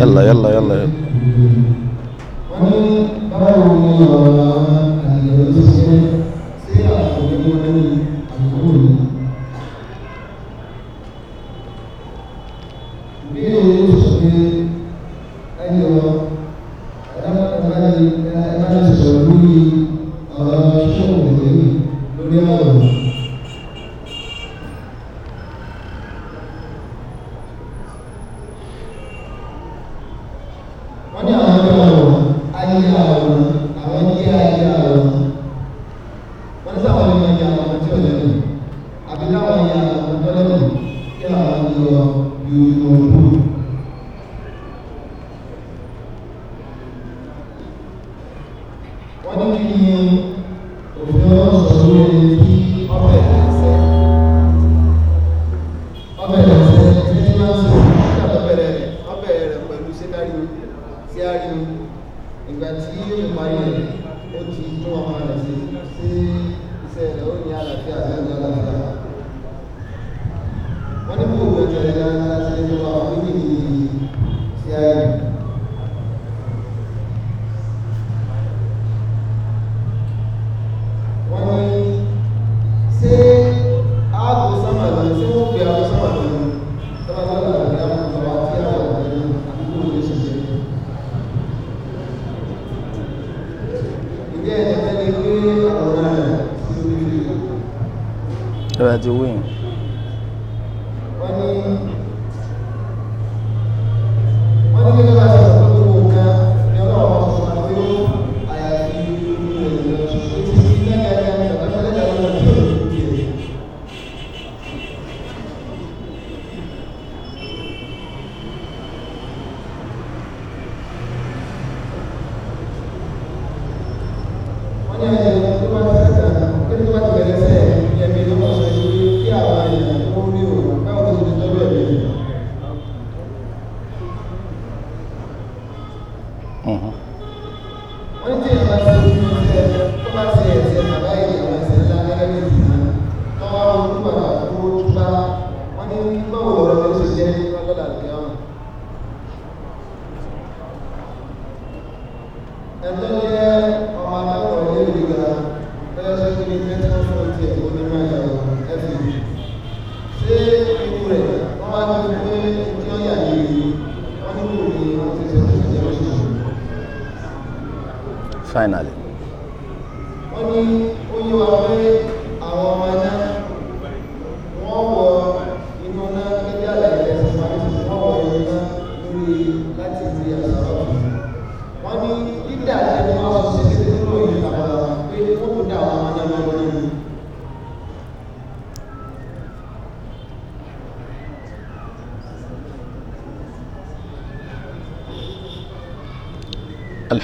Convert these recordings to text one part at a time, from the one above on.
يلا يلا يلا, يلا. wọ́n ní kí ni òfin ọlọ́sọ̀rọ̀ lórí ṣọ́ra ti owó wọ́n ní wọ́n ní ẹ̀tọ́ Finally.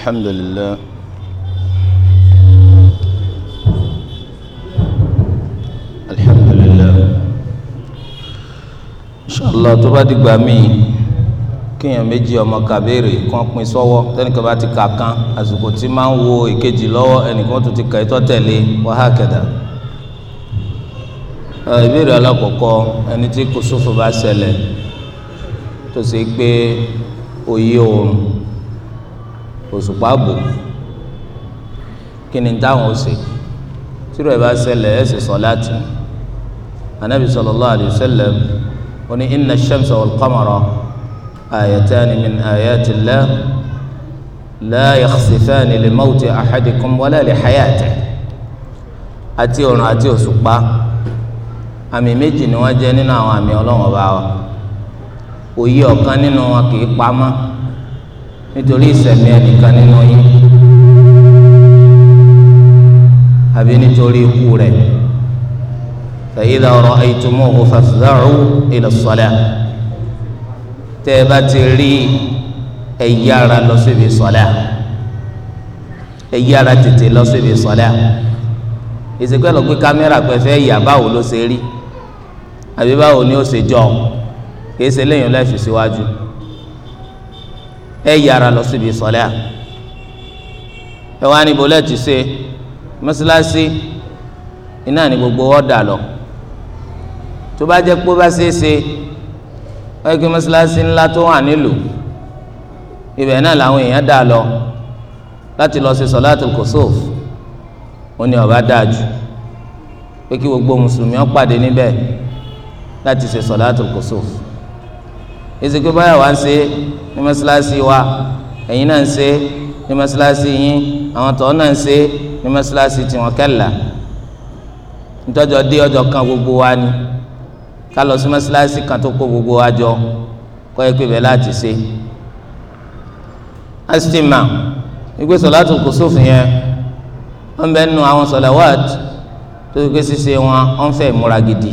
الحمد لله الحمد لله إن شاء الله tó bá dìgbà míì kéèyàn méjì ọmọ kàbéèrè kan pín sọ́wọ́ tẹ́nìkan bá ti kà kan àsìkò tí máa ń wo èkejì lọ́wọ́ ẹnìkan tó ti kà í tọ́tẹ̀lé wàhálà kẹ̀dà ìbéèrè alákọ̀ọ́kọ́ ẹni tí kò sófò bá ṣẹlẹ̀ tó ṣe pé òye oòrùn òṣùpá bò kí ni táwọn ó ṣe tírò ẹ bá ṣẹlẹ̀ ẹ sì sọ̀láàtì anabi sallallahu alayhi wa sallam ó ní inna ash-shamsa wal qamara ayatani min ayati llah la yakhsifani li mawti ahadikum wala li hayatihi àti òrùn àti òṣùpá àmì méjì ni wọ́n jẹ́ nínú àwọn àmì Ọlọ́run ọba wa òye ọ̀kan nínú wọn kì í pamọ́ nítorí ìsẹ̀mí ẹnìkan nínú yín àbí nítorí ikú rẹ̀ fa idha ra'aytumuhu fafza'u ila s-salah tẹ́ ẹ bá ti rí ẹ yára lọ síbi sọ́lá ẹ yára tètè lọ síbi sọ́lá ìsìnkú ẹ kámẹ́rà pé fẹ́ báwo ló ṣe rí àbí báwo ni ó ṣe jọ kìí ṣe léyìn lẹ́fì síwájú. Si ẹ yára lọ síbi sọlẹ́ à ẹ wá ní bọ́lẹ̀ ti ṣe mọ́sálásí iná ní gbogbo ọ̀dà lọ tó bá jẹ́ pé ó bá ṣeé ṣe wọ́n yẹ kí mọ́sálásí ńlá tó wà nílùú ibẹ̀ náà làwọn èèyàn dà lọ láti lọ ṣe sọláàtì kòsóf ó ní ọba dáa jù pé kí gbogbo mùsùlùmí ó pàdé níbẹ̀ láti ṣe sọláàtì kòsóf ezeke báyà wá ń ṣe ní mọ́ṣáláṣí wa ẹ̀yin náà ń ṣe ní mọ́ṣáláṣí yín àwọn tọ́ náà ń ṣe ní mọ́ṣáláṣí tiwọn kẹ́là ntọ́jọ́ dé ọjọ́ kan gbogbo wa ni ká lọ sí mọ́ṣáláṣí kan tó kó gbogbo wa jọ kọ́ ẹ pé bẹ́ẹ̀ láti ṣe. asitima ìgbé sọ̀láàtù kùsùfù yẹn wọ́n bẹ́ẹ̀ nu àwọn sọ̀làwàt tó fi pé ṣíṣe wọn wọ́n fẹ́ gidi.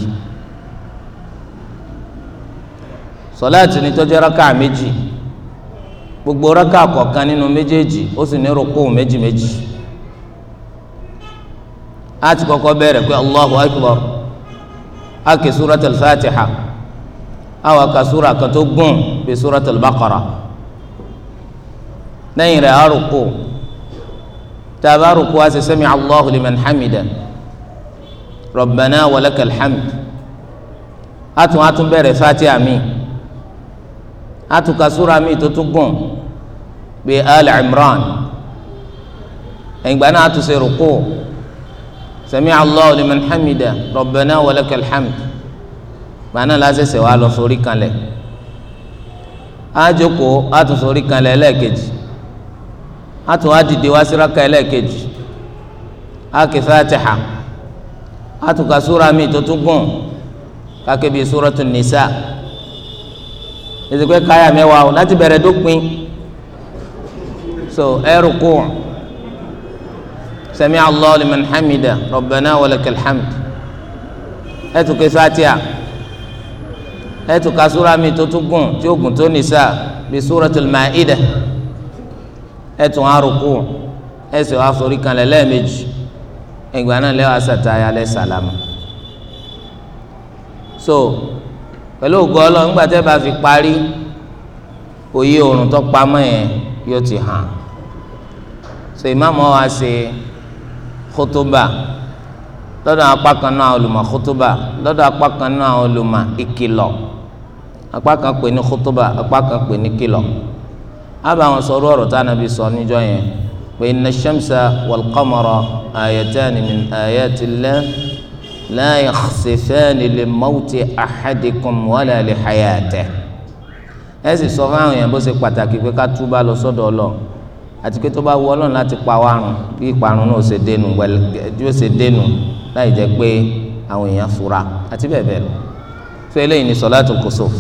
sọláàtì ní tó jẹ́ rákà méjì gbogbo rákà kọ̀ọ̀kan nínú méjèèjì ó sì ní rúkú méjì méjì á ti kọ́kọ́ bẹ̀rẹ̀ pé Allahu akbar á ké suratul Fatiha á wà ká súra kan tó gùn bí suratul Baqara lẹ́yìn rẹ̀ á rúkú tá a bá rúkú á sì sami Allahu liman hamida Rabbana wa lakal á tún á tún bẹ̀rẹ̀ Fatiha mi atuka sura mi tó tún gùn bíi ali imran ẹ̀yìngbà náà àtúnṣe rúkú sami allahu liman hamida rabbana walakal hamd gbaná lásìsẹ wàá lọ sórí kanlẹ̀ àjòkó àtúnṣe orí kanlẹ̀ ẹlẹ́ẹ̀kejì àtúnwá dìde wá síraka ẹlẹ́ẹ̀kejì àkè fatiha àtúnka sura mi tó tún gùn kàkébí suratu nisa ezekwe káyà mẹ́wàá o láti bẹ̀rẹ̀ dópin so ẹrù e kù sami allah liman hamida rabbana walakal hamd ẹtù e ké fatia ẹtù e ká súra mi tó tún gùn tí ó gùn tó nìsa bí suratul maida ẹtù ẹrù kù ẹsẹ̀ wàá forí kanlẹ̀ lẹ́ẹ̀mejì ìgbà náà lẹ́wàá sàtáyà lẹ́sàlámà so pẹ̀lú ògo ọlọ́run nígbà tẹ́ bá fi parí òye oòrùn tó pamọ́ yẹn yóò ti hàn so ìmáàmù wa ṣe kótóbà lọ́dọ̀ apá kan náà olùmọ̀ kótóbà lọ́dọ̀ apá kan náà olùmọ̀ ìkìlọ̀ apá kan pè ní kótóbà apá kan pè ní kìlọ̀ ábà wọn sọ tá a nàbí sọ níjọ́ yẹn pé inna shamsa wal qamara ayatani min ayati la yakhsifani li mawti ahadikum wala li hayatihi ẹ sì sọ fáwọn èèyàn bó ṣe pàtàkì pé ká túbà lọ sọ́dọ̀ Ọlọ́run àti pé tó bá wù Ọlọ́run láti pa wá run bí ìparun náà ṣe dénú bí ó ṣe dénú láì jẹ́ pé àwọn èèyàn fura àti bẹ́ẹ̀ bẹ́ẹ̀ lọ fún eléyìí ní sọláàtù kusuf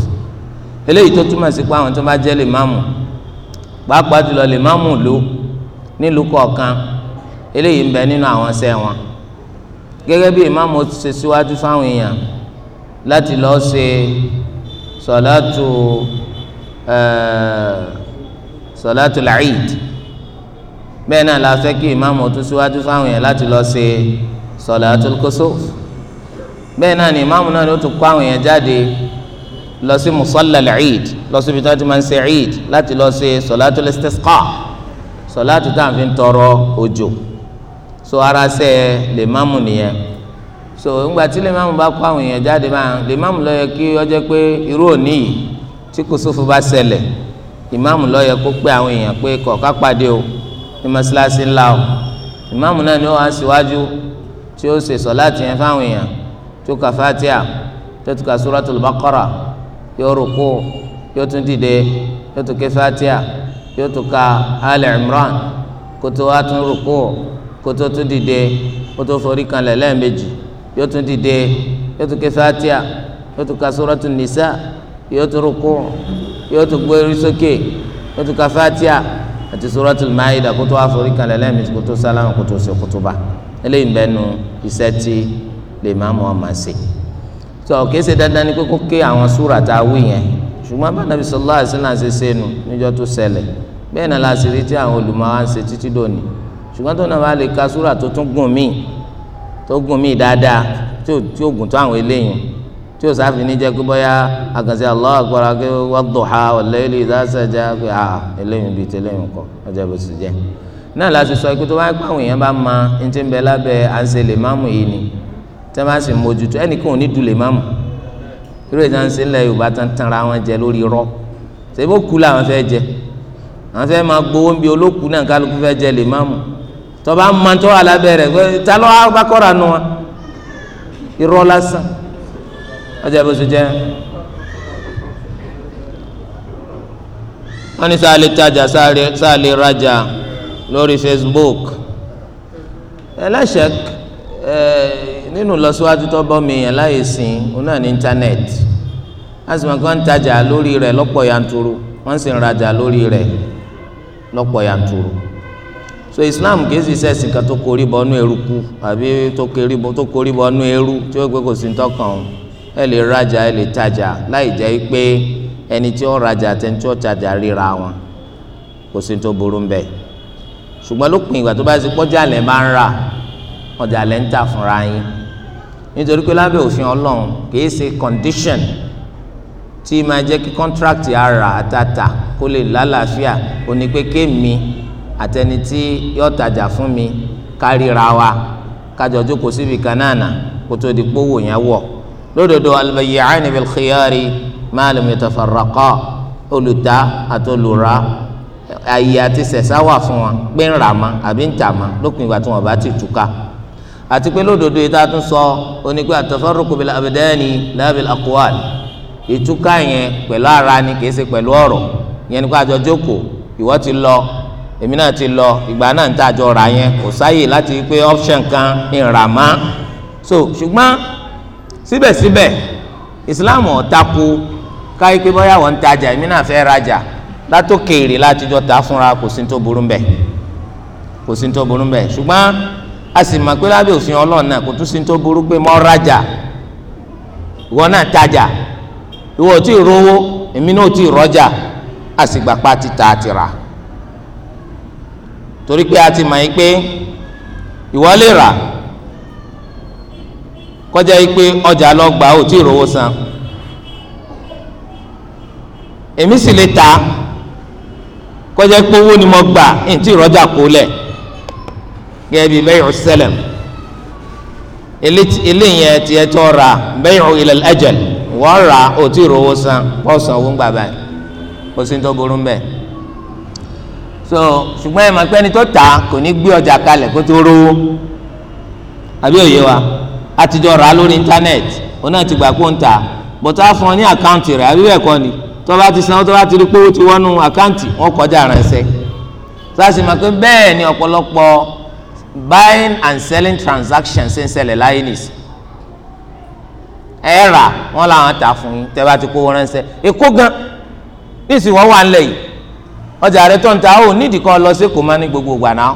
eléyìí tó túmọ̀ sí pé àwọn tó bá jẹ́ lè máàmù pàápàá jùlọ lè máàmù lò nílùú kọ̀ọ̀kan eléyìí ń bẹ nínú àwọn ṣẹ́ wọn gẹ́gẹ́ bí ìmáàmù ṣe síwájú fáwọn èèyàn láti lọ́ọ́ ṣe sọ̀látù sọ̀látù làíd bẹ́ẹ̀ náà la fẹ́ kí ìmáàmù tún síwájú fáwọn èèyàn láti lọ́ọ́ ṣe sọ̀látù kusuf bẹ́ẹ̀ náà ni ìmáàmù náà ni ó tún kó àwọn èèyàn jáde lọ sí musalla làíd lọ síbi tí wọ́n ń ṣe ìd láti lọ́ọ́ ṣe sọ̀látù listisqa sọ̀látù táwọn fi ń tọrọ òjò so ara le mamu má so ńgbà le mamu má mú bá kó àwọn èèyàn jáde máa lè má mú ló yẹ kí ó jẹ́ pé irú òní yìí tí kùsùfù bá ṣẹlẹ̀ ìmáàmù ló yẹ kó pé àwọn èèyàn pé kọ̀ọ̀ká pàdé o ní ńlá o ìmáàmù náà ni ó wá síwájú tí ó ṣe sọ̀láàtì yẹn fáwọn èèyàn tó ka fatia tó tún ka suratul baqara yóò rúkú yóò tún dìde yóò tún ké fatia yóò tún ka ali imran kótó wá tún rúkú kótó tún dìde kótó forí kanlẹ̀ lẹ́ẹ̀mejì yóò tún dìde yóò tún ké fatia yóò tún ka suratu nisa yóò tún rúkú yóò tún gbórí sókè yóò tún ka fatia àti suratu maida kótó wá forí kanlẹ̀ lẹ́ẹ̀mejì kótó sálámù kótó ṣe kútúbà eléyìí ń bẹ nu iṣẹ́ tí lè má mọ́ ọ́ máa ṣe tó ọ̀ kése dandan ni kókó ké àwọn súrà tá a wí yẹn ṣùgbọ́n bá nàbí sallallahu alaihi wasallam níjọ́ tó ṣẹlẹ̀ bẹ́ẹ̀ náà la ṣe rí tí àwọn olùmọ̀ wa ń ṣe títí dòní ṣùgbọ́n tó náà bá lè ka súrà tó tún gùn míì tó gùn míì dáadáa tí ó gùn tó àwọn eléyìí tí ó sáfì ní jẹ́ pé bóyá àgànṣe Allahu akbar kí wọ́n dùhà wal-layli idha saja pé à eléyìí bíi tẹ́lẹ̀yìn kọ́ ọjọ́ bó ti jẹ́ náà láti sọ pé tó bá gbà àwọn èèyàn bá ma ń ń bẹ lábẹ́ àǹṣe lè máàmù yìí ni tẹ́ bá sì mójútó ẹnìkan ò ní du lè máàmù irú ìdánsí ńlẹ̀ tọba ń mantọ́ alábẹ́rẹ́ ta ló wá kọ́ra nu wa irọ́ lásán ọjà bó so jẹ́ wọ́n ní sáà lè tajà sáà lè lórí Facebook ẹlẹ́sẹ̀ ẹ nínú lọ́síwájú tó bọ́ mi yẹn láyè sìn òun náà ní íńtánẹ́ẹ̀tì lásìmọ̀ kí wọ́n ń tajà lórí rẹ̀ lọ́pọ̀ yanturu wọ́n sì ń rajà lórí rẹ̀ lọ́pọ̀ yanturu so islam kìí sì sẹ́sìn kan tó korí bọ́nú eruku àbí tó korí bọ́nú eru tí ó gbé kò sí tọkàn o ẹ lè rajà ẹ lè tajà láì jẹ́ pé ẹni tí ó rajà àti ẹni tí ó tajà ríra wọn kò sí tó burú ń bẹ̀ ṣùgbọ́n lópin ìgbà tó bá ti pọ́jà lẹ̀ máa ń rà ọjà lẹ̀ ń tà fúnra yín nítorí pé lábẹ́ òfin ọlọ́run kìí ṣe condition tí máa jẹ́ kí contract ara àtàtà kó lè lálàáfíà ó ní pé kémi àtẹni tí yọ tajà fún mi kárìíra wa kájọ jókòó síbi kan náà nà kótó di kpówó yẹn wọ̀ lódodo albayya'ani bil khiyari ma lam yatafarraqa olùta àti olùra ayé àti sẹ̀sá wà fún wa pé ń rà ma àbí ń tà ma lópin ìgbà tí wọn bá ti túká àti pé lódodo yìí tá a tún sọ onígbà tafarruqu bil abdani la bil aqwal ìtúká yẹn pẹ̀lú ara ni kì ṣe pẹ̀lú ọ̀rọ̀ yẹn ni kó àjọ jókòó ìwọ ti lọ èmi náà ti lọ ìgbà náà ń tàjọ rà yẹn kò sáyè láti pé option kan ìrà má so ṣùgbọ́n síbẹ̀síbẹ̀ ìsìláàmù ọ̀tako káyé pé bóyá wọ́n ń tajà èmi náà fẹ́ rajà látòkèèrè látijọ́ ta fúnra kò sí tó burú mbẹ̀ kò sí tó burú mbẹ̀ ṣùgbọ́n a sì mọ̀ pé lábẹ́ òfin ọlọ́run náà kò tún sí tó burú pé mọ́ rajà ìwọ náà tajà ìwọ ò tí ì rówó èmi náà ò tí ì rọjà àsìgbàpá ti ta àti rà torí pé a ti mọ̀ yín pé ìwọ lè rà kọjá yìí pé ọjà lọ gbà ó tí ì rówó san èmi sì lè ta kọjá pé owó ni mo gbà ẹ̀ tí ì rọ́jà kó lẹ̀ gẹ́gẹ́ bí bẹ́ẹ̀ ọ̀sẹ̀lẹ̀m eléyìí tiẹ̀ tó ra bẹ́ẹ̀ ilal ajal wọ́n ra ó tí ì san wọ́n san ń gbà báyìí kó sí ní tó burú mbẹ́ẹ̀. so ṣùgbọ́n ẹ mọ̀ pé ẹni tó tà kò ní gbé ọjà kalẹ̀ kó tó rówó àbí òye wa àtijọ́ rà lórí òun náà ti gbà kó ń tà fún ọ ní àkáǹtì rẹ̀ àbí ni tó ti san tó bá ti rí pé ti wọ́nú àkáǹtì wọ́n kọjá bẹ́ẹ̀ ni ọ̀pọ̀lọpọ̀ buying and ẹ rà wọ́n làwọn tà fún yín tẹ́ bá ti èkó gan wọ́n wà ń ọjà rẹ tó ń ta ó nídìí kan lọ sí kò má ní gbogbo ìgbà náà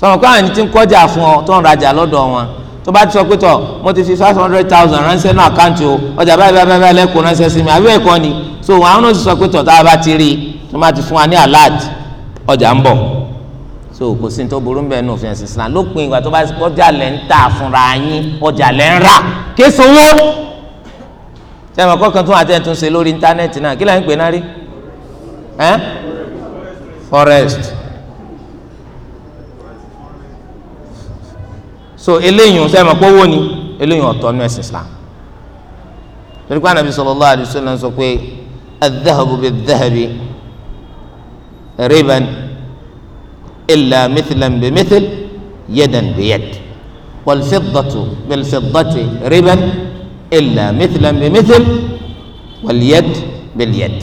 sọ̀rọ̀ kó àwọn ẹni tí ń kọjá fún ọ tó ń rajà lọ́dọ̀ wọn tó bá ti sọ pé tọ̀ mo ti fi five hundred thousand ránṣẹ́ náà àkáǹtì o ọjà báyìí báyìí báyìí lẹ́kọ̀ọ́ ránṣẹ́ sí mi àbí ẹ̀kọ́ ni so àwọn náà ti sọ pé tọ̀ tá a bá ti rí i tó má ti fún wa ní alert ọjà ń bọ̀ so kò sí ní tó burú bẹ́ẹ̀ nù fìyànsì sílá lópin ìgbà tó bá ọjà lẹ̀ ń tà fúnra yín ọjà lẹ̀ ń rà kéṣowó sẹ́wọ̀n kọ́kàn tún àtẹ̀tún ṣe lórí íńtánẹ́ẹ̀tì náà kí lẹ́yìn pè náà rí Eh? forest so eléyìí sẹ ma gbowó ni eléyìí ọ̀tọ̀ ní ẹ̀sìn islam torí pé anabi sallallahu alaihi wasallam sọ pé adahabu bi dahabi riban illa mithlan bi mithl yẹ̀dàn bi yẹ̀d. yad والفضة بالفضة ربا إلا مثلا بمثل واليد باليد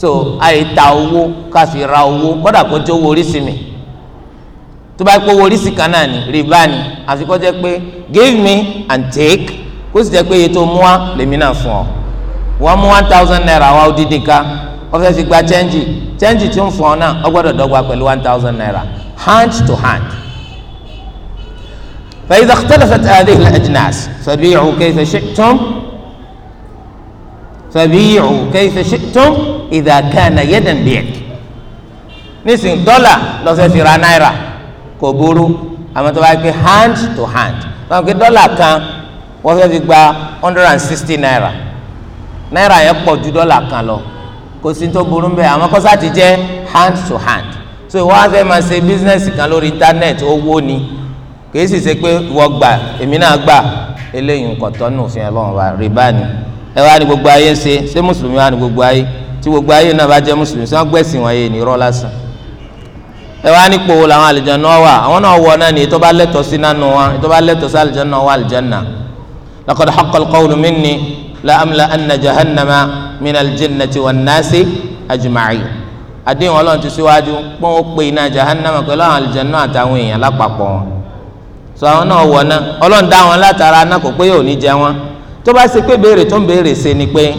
so àìta owó ká fi ra owó kódà kó tó owó oríṣi mi tó bá pé owó oríṣi kan náà ni rìbá ni àfi kó jẹ́ pé give me and take kó sì jẹ́ pé iye tó mú wa lèmi náà fún ọ wọ́n mú one thousand naira wá odidi ká wọ́n fẹ́ẹ́ fi gba chẹ́ńjì chẹ́ńjì tí ń fún ọ náà ọ gbọ́dọ̀ dọ́gba pẹ̀lú one thousand naira hand to hand. فإذا اختلفت هذه الأجناس فبيعوا كيف شئتم فبيعوا كيف شئتم ìdàgànà yẹ́dẹ̀nbíyẹ̀d nísìn dọ́là lọ́sẹ̀ fi ra náírà kò burú àmọ́ tó bá gbé hand to hand wọ́n gbé dọ́là kan wọ́n fẹ́ fi gba hundred and sixty naira náírà yẹn pọ̀ ju dọ́là kan lọ kò sí tó burú bẹ́ẹ̀ àmọ́ kọ́sá ti jẹ́ hand to hand so wọ́n á fẹ́ máa ṣe bísínẹ́sì kan lórí íńtánẹ́ẹ̀tì owó ni kì í sì ṣe pé wọ́n gbà èmi náà gbà eléyìí nǹkan tọ́nù òfin ẹ̀ lọ́wọ́ rìbá ni ẹ wá ní gbogbo ayé ṣe ṣé mùsùlùmí wá ní gbogbo ayé tí gbogbo ayé náà bá jẹ́ mùsùlùmí sọ gbẹ̀sìn wọn yé ni irọ́ lásán ẹ wá nípò wo làwọn àlùjánnà wà àwọn náà wọ náà ní ètò bá lẹ́tọ̀ọ́ sí nánú wa ètò bá lẹ́tọ̀ọ́ sí àlùjánnà wà àlùjánnà laqad haqqal qawlu minni la amla anna jahannama min aljinnati wan nasi ajma'in àdéhùn ọlọ́run ti síwájú pọ́n ó pe iná jahannama pẹ̀lú àwọn àlùjánnà àtàwọn èèyàn lápapọ̀ sọ àwọn náà wọ náà ọlọ́run dá wọn látara náà kò pé yóò ní jẹ wọn tó bá ṣe pé béèrè tó ń béèrè ṣe ni pé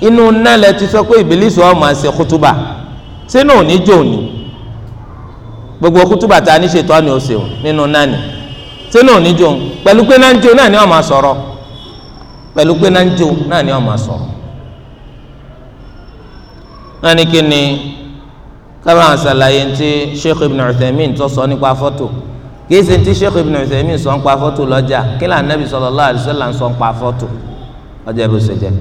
inú nálẹ̀ ti sọ pé ìbílísì ọ̀ máa ṣe kútúbà sínú òní jò ní gbogbo kútúbà tá a ní ṣètò àná òsè nínú nání sínú òní jò pẹ̀lú pé náà ń jó náà ni ọ̀ máa sọ̀rọ̀ pẹ̀lú pé náà ń jó náà ni ọ̀ máa sọ̀rọ̀ náà ní kí ni kábà àṣàlàyé ti Sheikh Ibn Uthaymin tó sọ nípa fọ́tò kìí ṣe ti Sheikh Ibn Uthaymin sọ nípa fọ́tò lọ́jà kí lànà Nabi sallallahu alaihi sọ nípa fọ́tò ọjà ìbùsùn jẹ́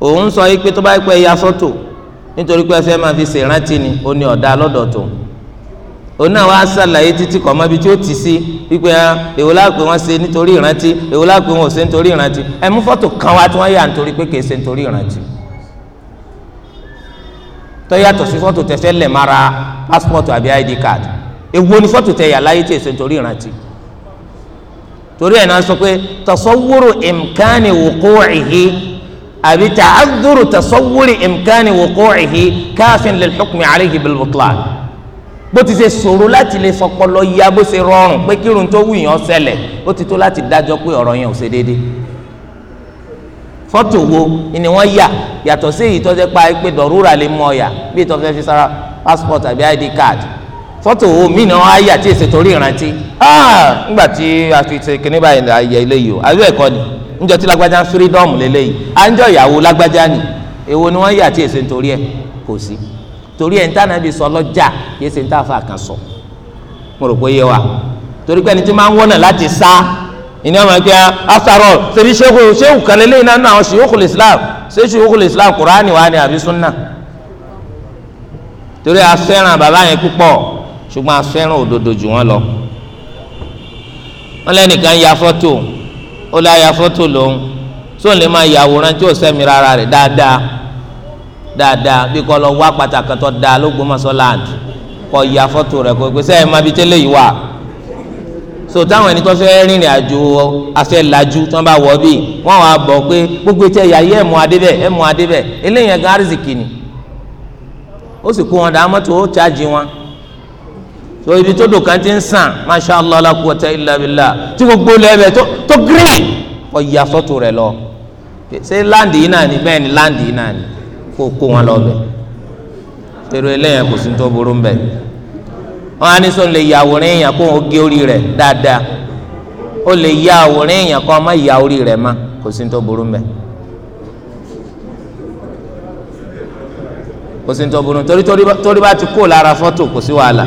òun sọ yìí pé tó bá yẹ pé ẹ̀yà sọ́tò nítorí pé ẹfẹ́ máa fi ṣèrántí ni ó ní ọ̀dà lọ́dọ̀ òun náà wá ṣàlàyé títí kọ̀ mọ́bi tí ó ti sí wípé ah, èwo láàpẹ̀ wọ́n ṣe nítorí ìrántí èwo láàpẹ̀ wọ́n ṣe nítorí ìrántí ẹ mú fọ́tò kan wá tí wọ́n yà nítorí pé kìí ṣe nítorí ìrántí sí fọ́tò lẹ̀ mara passport àbí id card èwo ni fọ́tò tẹ̀ láyé tí èso nítorí ìrántí torí ẹ̀ àbí ta'adhuru tasawwuri imkani wuqu'ihi káfin lil hukmi alayhi bil butlan bó ti ṣe ṣòro láti lè sọpọlọ ya bó ṣe rọrùn pé kírun tó wùyàn ó ṣẹlẹ̀ ó ti tó láti dájọ́ pé ọ̀rọ̀ yẹn ò ṣe déédéé fọ́tò wo ni wọ́n yà yàtọ̀ sí èyí tó pa pé dọ̀rúra lè mú ọ bí tó fẹ́ fi sára passport àbí id card fọ́tò wo mí ni wọ́n yà tí èsè torí ìrántí ah nígbà tí a fi ṣe kíní báyìí ayẹ yìí o àbí ẹ̀kọ́ ni níjọ́ tí lágbájá ń freedom lélẹ́yìí à ń jọ ìyàwó lágbájá ni èwo ni wọ́n yà tí èsè nítorí ẹ̀ kò sí torí ẹ̀ ń tànà bí sọ lọ́jà yé ṣe ń tà fà kan sọ mo rò pé yé wa torí pé ẹni tí máa ń wọ́nà láti sá ìní ọmọ ẹgbẹ́ asarọ ṣèbí ṣéwù ṣéwù kan lélẹ́yìí náà náà ṣèwókùlù Islam ṣéwókùlù Islam kùránì wa ni àbí súnà torí afẹ́ràn bàbá yẹn púpọ̀ ṣùgbọ́n afẹ́ràn òdodo jù wọ́n lọ wọ́n lẹ́nìkan ya fọ́tò ó lè ya fọ́tò lòun tó lè máa yàwòrán tí ò sẹ́mi rárá rẹ̀ dáadáa dáadáa bí kò lọ wá pàtàkì tó dáa lógbómọ̀ṣọ́ láàdì kò ya fọ́tò rẹ̀ kò pèsè ẹ̀ máa bi tẹ́lẹ̀ yìí wà so táwọn ẹni tó fẹ́ rìnrìn àjò afẹ́lajú tí wọ́n bá wọ̀ bí wọ́n wá bọ̀ pé gbogbo etí ẹ̀yà yìí ẹ̀mú adébẹ̀ ẹ̀mú adébẹ̀ eléyìí ẹ̀gán àrísìkì ni ó sì kó wọn dá mọ́tò ó chájì wọn tó ibi tó dùn kan ti ń sàn masha allah la quwwata illa billah tí gbogbo lẹ́bẹ̀ẹ́ tó tó green kò yà sọ́tò rẹ̀ lọ ṣé láǹdì yìí náà ni bẹ́ẹ̀ ni láǹdì yìí náà ni kó kó wọn lọ bẹ̀ èrò eléyàn kò sí tó burú mbẹ̀ wọn á ní sọ lè yà àwòrán èèyàn kó wọn gé orí rẹ̀ dáadáa ó lè yà àwòrán èèyàn kó wọn má yà orí rẹ̀ má kò sí tó burú mbẹ̀. kò sí tó burú torí torí bá ti kó lára fọ́tò kò sí wàhálà.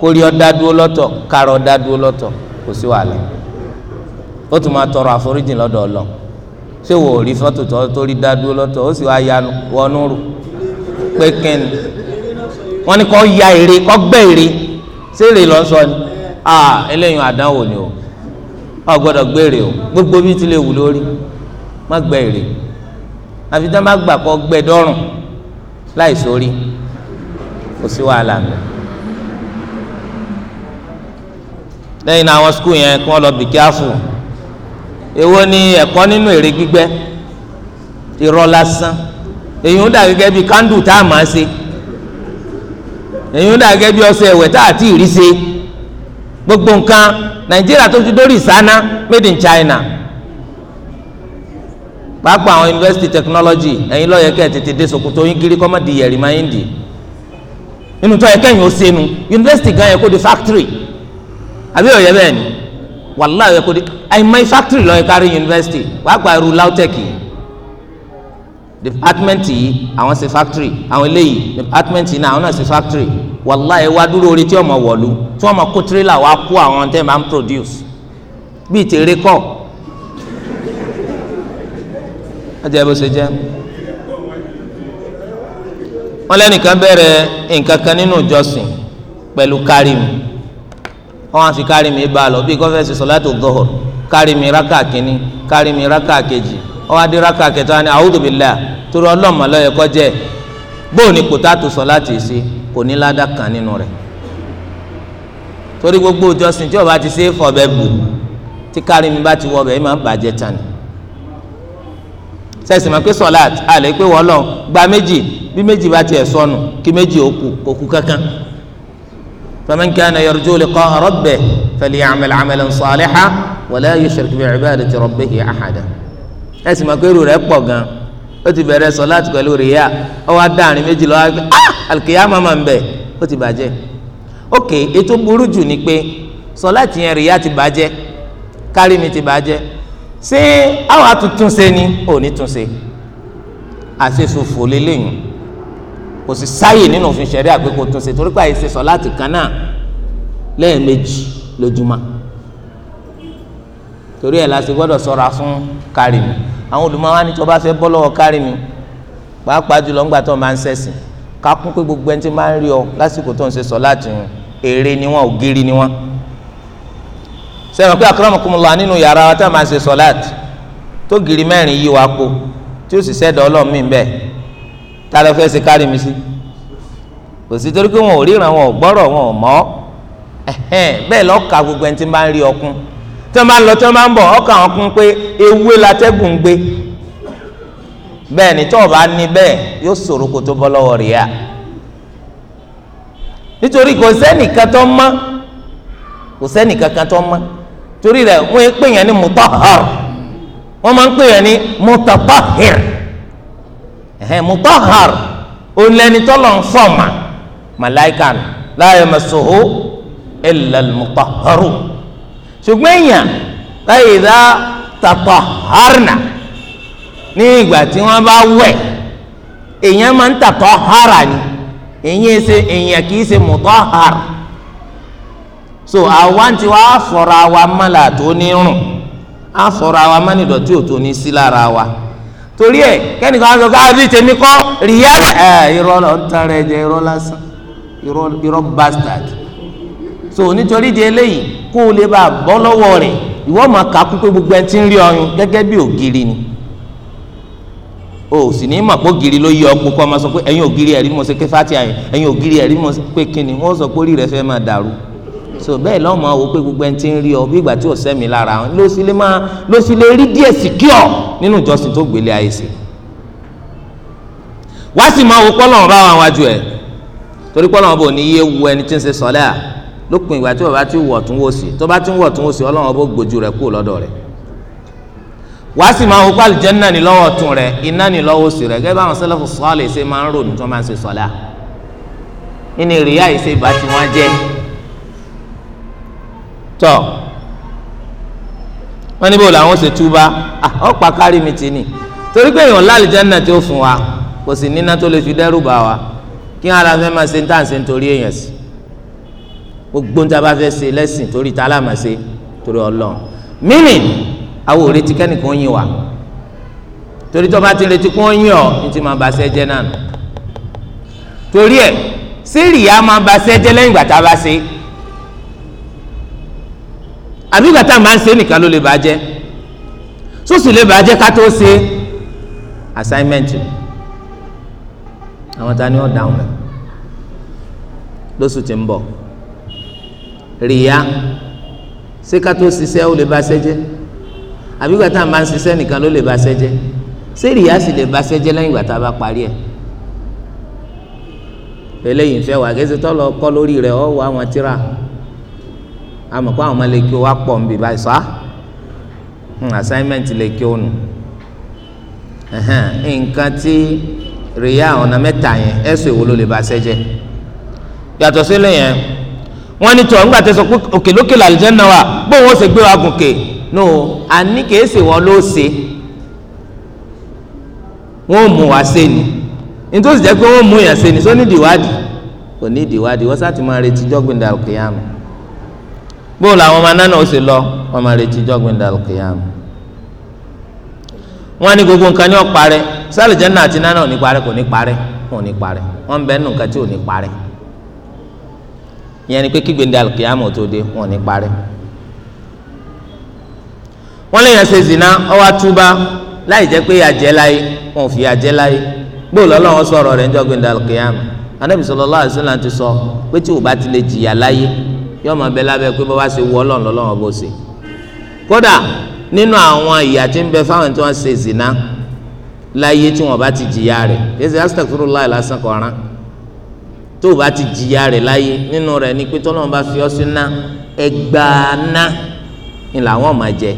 kórìí ọ̀dá dúró lọ́tọ̀ kárọ̀ ọ̀dá dúró lọ́tọ̀ kò sí wàhálà ó tún máa tọrọ àforíjì lọ́dọ̀ Ọlọ́run ṣé wò ó rí fọ́tò tó tó rí dá dúró lọ́tọ̀ ó sì wá ya wọnú rù pé kíni wọ́n ní kó ya èrè kó gbẹ́ èrè ṣé èrè lọ́ sọ ni ah eléyìí àdánwò ni o ọ gbọ́dọ̀ gbé èrè o gbogbo bí ti lè wù lórí má gbẹ́ èrè àfi tá má gbà kó gbẹ́ dọ́rùn láì sórí kò sí wàhálà mi. lẹ́yìn náà àwọn skul yẹn kí wọ́n lọ ni ẹ̀kọ́ nínú èrè gbígbẹ́ irọ́ lásán èyí ń dà gẹ́gẹ́ bí kándù tá a máa ṣe èyí ń dà gẹ́gẹ́ bí ẹ̀wẹ̀ tá gbogbo nǹkan nàìjíríà tó ti dórí ìsáná made in China pàápàá àwọn university technology ẹ̀yin lọ́yẹ̀ tètè dé sokoto yín kiri di yẹ̀rì máa ń dì inú tó yẹ kẹ́yìn ó ṣe nu factory. àbí ọ̀yẹ́ bẹ́ẹ̀ ni wàláhì ọ̀yẹ́ kò dé àìmọ̀ fákítìrì lọ́yẹ̀ kárí yunifásitì wàá gba irú LAUTECH yìí department yìí àwọn ṣe factory àwọn eléyìí department yìí náà àwọn náà ṣe factory wàláyé wá dúró orí tí ọmọ wọ̀lú tí wọ́n mọ kó tirẹ́là wá kó àwọn tẹ́ máa ń produce bíi tèrè kọ́ ọjà bó ṣe jẹ́ wọ́n lẹ́nìkan bẹ̀rẹ̀ nǹkan kan nínú ìjọsìn pẹ̀lú kárí mi wọn á fi kárí mi bá a lọ bíi kọfẹsì sọláàtì dọhùr kárí mi rákà kínní kárí mi rákà kejì wọn á di rákà kẹta ní a'udhu billah torí ọlọ́mọ lọ́yẹ kọjẹ́ bóun ni kò tààtù sọláàtì sí kò ní ládà kan nínú rẹ̀ torí gbogbo ìjọsìn tí ó bá ti ṣe é fọbẹ bù tí kárí mi bá ti wọbẹ ẹ máa ń bàjẹ́ tán ni máa pé sọláàtì àlẹ́ pé wọ́n gba méjì bí méjì bá tiẹ̀ sọnù kí méjì ó kù kò kú kankan. فمن كان يرجو لقاء ربه فليعمل عملا صالحا ولا يشرك بعبادة ربه أحدا ẹsìn máa kérò rẹ pọ̀ gan ó ti bẹ̀rẹ̀ sọ láti pẹ̀lú rìíyà ó wá dáàrin méjì lọ wá gbé ah alkiyama máa ń bẹ ó ti bàjẹ́ ok ètò burú jù ni pé sọ láti yẹn rìíyà ti bàjẹ́ kárí mi ti bàjẹ́ ṣé àwọn àtúntúnṣe ni ò ní túnṣe àṣesòfò lélẹyìn kò sì sáyè nínú òfin ṣẹ̀rí àgbékò tó ṣe torí pé àìsè sọ láti kan náà lẹ́ẹ̀mejì lójúmọ́ torí ẹ̀ la ṣe gbọ́dọ̀ sọ̀ra fún kárì mi àwọn olùmọ̀ wa ni tí wọ́n bá fẹ́ bọ́ lọ́wọ́ kárì mi pàápàá jùlọ ńgbà tó máa ń ṣẹ̀sìn ká kún pé gbogbo ẹni tí máa ń rí ọ lásìkò tó ń ṣe sọ láti rìn èrè ni wọn ògiri ni wọn. sẹ́wọ̀n pé akramakumullah nínú yàrá wa tá a máa ṣe sọ láti tó giri mẹ́rin yí wa po tí ó sì ṣẹ́dọ̀ ọlọ́run mi bẹ́ẹ̀ tá ló fẹ́ ṣe mi si kò sí torí pé wọn ò ríran wọn ò wọn ò gbogbo ẹni tí ń ń rí ọkùn lọ tí wọ́n bá ń bọ̀ ọkà wọn kún pé ewé latẹ́gùn gbé bẹ́ẹ̀ ni tọ́ọ̀ bá ní bẹ́ẹ̀ yóò ṣòro kó tó nítorí kò sẹ́nìkan tó mọ́ kò tó wọ́n pè yẹn ní wọ́n máa ń pè yẹn ní ẹ̀hẹ́n mutahhar olẹ́ni tọ́lọ̀ ń fọ̀mà màláìka la yamassuhu illa al-mutahharu ṣùgbọ́n èèyàn láyé dá tatahharna ní ìgbà tí wọ́n bá wẹ̀ èèyàn máa ń tatahhara ni èèyàn ṣe èèyàn kì í ṣe mutahhar so àwa ti wá fọ̀ra wa mọ́là tó ní rùn á fọ̀ra wa mọ́nìdọ̀tí ò tó ní sí lára wa. So, torí ẹ kẹ́nìkan á sọ pé àbí ah, tèmi kọ́ rìyá ẹ irọ́ lọ ń tara ẹ jẹ irọ́ lásán irọ́ irọ́ bastard so nítorí di eléyìí kó o lè bá a bọ́ lọ́wọ́ rẹ̀ ìwọ máa kà á kú pé gbogbo ẹ ti ń rí ọyún gẹ́gẹ́ bí ògiri ni o sì ní mọ̀ ògiri ló yí ọgbọ́n kọ́ ọ sọ pé ẹ̀yin ògiri ẹ̀rí mọ̀ sí pé fatia ẹ̀yin ògiri ẹ̀rí mọ̀ sí pé kíni wọ́n sọ pé orí rẹ̀ fẹ́ máa dàrú so bẹ́ẹ̀ lọ́mọ wo pé gbogbo ẹni tí ń rí ọ bí ìgbà tí ò sẹ́mi lára wọn ló sì lè máa ló sì lè rí díẹ̀ sí kí ọ nínú ìjọsìn tó gbélé ayé sí wá sì máa wo pọ́lọ́run bá wọn wájú ẹ̀ torí pọ́lọ́run bò ní yé wu ẹni tí ń ṣe sọ́lẹ́à lópin ìgbà tí bàbá ti wọ̀ tún wò sí tó bá ti ń wọ̀ tún wò sí ọlọ́run bó gbójú rẹ̀ kúrò lọ́dọ̀ rẹ̀ wàá sì máa wọ́pọ̀ àlùjànnà ní lọ́wọ́ ọ̀tún rẹ̀ iná ní lọ́wọ́ òsì rẹ̀ gẹ́gẹ́ báwọn sẹ́lẹ̀fù sọ́ọ̀lì ṣe máa ń rònú tó máa tọ wọn níbo làwọn ṣe túbá ọ̀pá ah, kárí mi tì ní torí pé èèyàn lálìjáná tí ó fún wa kò sì níná tó lè fi dẹ́rù bà wá kí wọn aláfẹ́ máa ṣe ń tà ń ṣe nítorí èèyàn sí gbogbo ń tàbá fẹ́ ṣe lẹ́sìn torí tá a láàmà ṣe torí ọlọ́run mímì àwọn ò kẹ́nìkan yín wa torí tó bá ti retí kó yín ọ ní ti máa ba ṣẹ́jẹ́ náà torí ẹ̀ sí rìá máa ba ṣẹ́jẹ́ lẹ́yìn ìgbà tá a bá ṣe é àbí ìgbà tá a máa ń ṣe nìkan ló lè bàjẹ́ sósì lè bàjẹ́ ká tó ṣe assignment àwọn ta ni wọ́n dáhùn rẹ̀ lóṣù tí ń bọ̀ rìyá ṣé ká tó ṣiṣẹ́ ó lè ba ṣẹ́ jẹ́ àbí ìgbà tá máa ń ṣiṣẹ́ nìkan ló lè ba ṣẹ́ jẹ́ ṣé rìyá sì lè ba ṣẹ́ jẹ́ lẹ́yìn ìgbà bá parí ẹ̀ eléyìí ń fẹ́ wà kí ẹ kọ́ lórí rẹ̀ ọ́ wọ àwọn tíra àmọ́ pé àwọn ọmọ lè kí o wá pọ̀ nbí báyìí sá hmm, assignment lè kí o nù nǹkan tí rìyà ọ̀nà mẹ́ta yẹn ẹ̀sùn èwo ló lè bá ṣẹ́jẹ́ yàtọ̀ sílẹ̀ yẹn wọ́n ní tọ̀ ńgbà tẹ̀sán pé òkè lókè làlùjánnà wà bóun ó ṣe gbé wa gòkè no àní kìí ṣe wọ́n ló ṣe wọ́n ò mú wa ṣe ni nítorí jẹ́ pé wọ́n mú yàn ṣe ni sọ ní ìdìwádìí kò ní ìdìwádìí wọ́n sá ti máa retí jọ́gbìn dàrú kìí àmì. bóòlù àwọn ọmọ anáná ó sì lọ wọn máa retí jọgbìn dàlùkìyàm wọn ní gbogbo nǹkan ní ọparẹ sálìjẹnà àti nánà ò ní parẹ́ kò ní parẹ́ ò ní parẹ́ wọn bẹ nù nǹkan ò ní ìyẹn ni pé kígbìn ò tó dé wọn ní wọn lè yàn ṣe ọwọ àtúbà láì pé àjẹ láyé wọn ò fi àjẹ láyé bóòlù ń jọgbìn ti sọ pé tí yóò máa bẹ lábẹ́ pé bọ́ba ṣe wọ ọlọ́run lọ́lọ́run bó ṣe kódà nínú àwọn ìyà tí ń bẹ fáwọn tí wọ́n ṣe zina láyé tí wọ́n bá ti jìyà rẹ̀ ẹsẹ̀ astaghfirullah lásán kọ̀ ọ̀ràn tó o bá ti jìyà rẹ̀ láyé nínú rẹ̀ ni pé tọ́lọ́run bá fi ọ́ sí ná ẹgbàá ná ni làwọn máa jẹ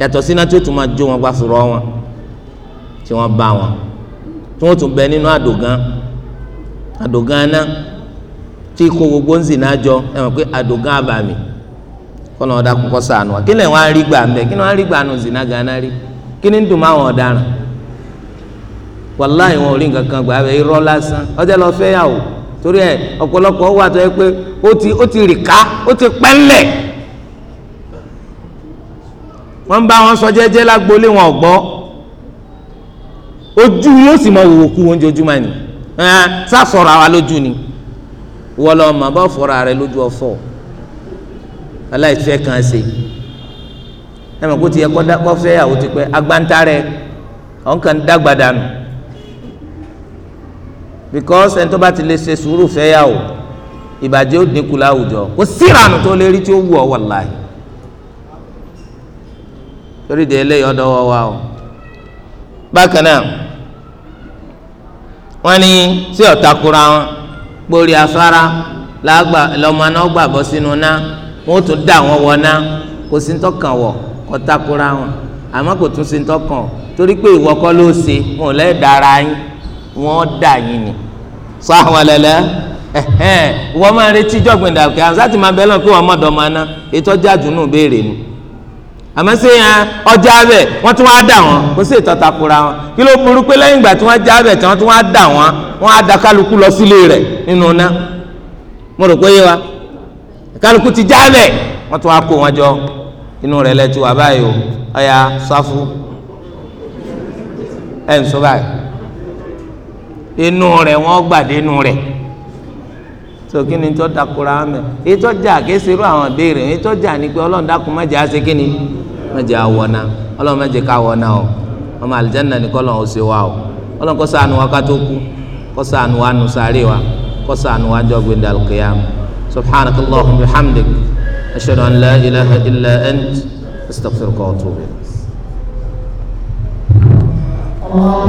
yàtọ̀ síná tí ó tún máa jó wọn gbà fúrọ́ wọn tí wọ́n bá wọn tí wọ́n tún bẹ nínú àdògán àdògán náà. tí kó gbogbo ń zìnà jọ ẹ mọ̀ pé àdògán kọ́nà ọ̀dà kọ́kọ́ sànù wa kí lè wọ́n á rí gbà mbẹ́ kí wọ́n á rí gbà nù gánà rí kí ni ń dùn máwọn ọ̀daràn wàláì wọn ò rí nǹkan kan gbà bẹ irọ́ lásán ọjọ́ lọ fẹ́ yà wò torí ẹ ọ̀pọ̀lọpọ̀ wà tó yẹ pé ó ti ó ti ó ti ni. wọlé ọmọ bá fọra rẹ lójú ọfọ aláìfẹ́ kan ṣe ẹ mọ̀ kó tiẹ̀ kọ́ fẹ́ yàwó ti pẹ́ agbantarẹ ọ̀n kàn dàgbà dànù because ẹni tó bá ti lè ṣe sùúrù fẹ́ yàwó ìbàjẹ́ ó dínkù láwùjọ kò síranù tó lè rí tí ó wù ọ́ wàláì torí de eléyìí ọ̀dọ̀ wọ wa o bákan náà wọ́n ní sí ọ̀takùrọ̀ àwọn gbórí afárá làgbà lọmọ náà gbàgbọ́ sínú ná wọn tún dà wọn wọ ná kò sí ntọ́kàn wọ kọ́takura wọn àmọ́ kò tún sí ntọ́kàn torí pé ìwọ kọ́ ló ṣe wọn ò lẹ́ẹ̀ dára yín wọn dà yín ni sọ àwọn lẹ́lẹ́ ẹ̀hẹ́n wọ́n máa retí jọ́gbìn dàkẹ́ àwọn sátìmọ́ abẹ́lẹ́ pé wọ́n mọ̀ dọ́mọ aná ètò ọjà jùnú béèrè ni. àmọ́ sí yẹn ọjà abẹ wọ́n tún dà wọ́n kó sí ìtọ́ kura wọn kí ló burú pé lẹ́yìn ìgbà tí wọ́n já abẹ tí wọ́n tún dà wọ́n wọ́n á da kálukú lọ sílé rẹ̀ nínú ná mo rò wa kálukú ti já abẹ wọ́n tún kó wọn jọ inú rẹ̀ lẹ́tù wà báyìí o ọ̀yà sáfù ẹ̀ ń sọ báyìí inú rẹ̀ wọ́n gbàdé inú rẹ̀ so kí ni tó ètò jà àwọn béèrè ètò pé ọlọ́run dákun má jẹ́ awọ́nà ọlọ́run má jẹ́ ká wọ́nà o ọmọ àlìjáná ni kọ́ lọ́n ó ṣe wa o ọlọ́run kó ṣàánú wa ká tó kú kó ṣàánú wa nù sáré wa kó ṣàánú wa jọ gbẹ̀dẹ̀ alqiyam subhanaka allahumma wa bihamdik an la ilaha illa ant astaghfiruka wa atubu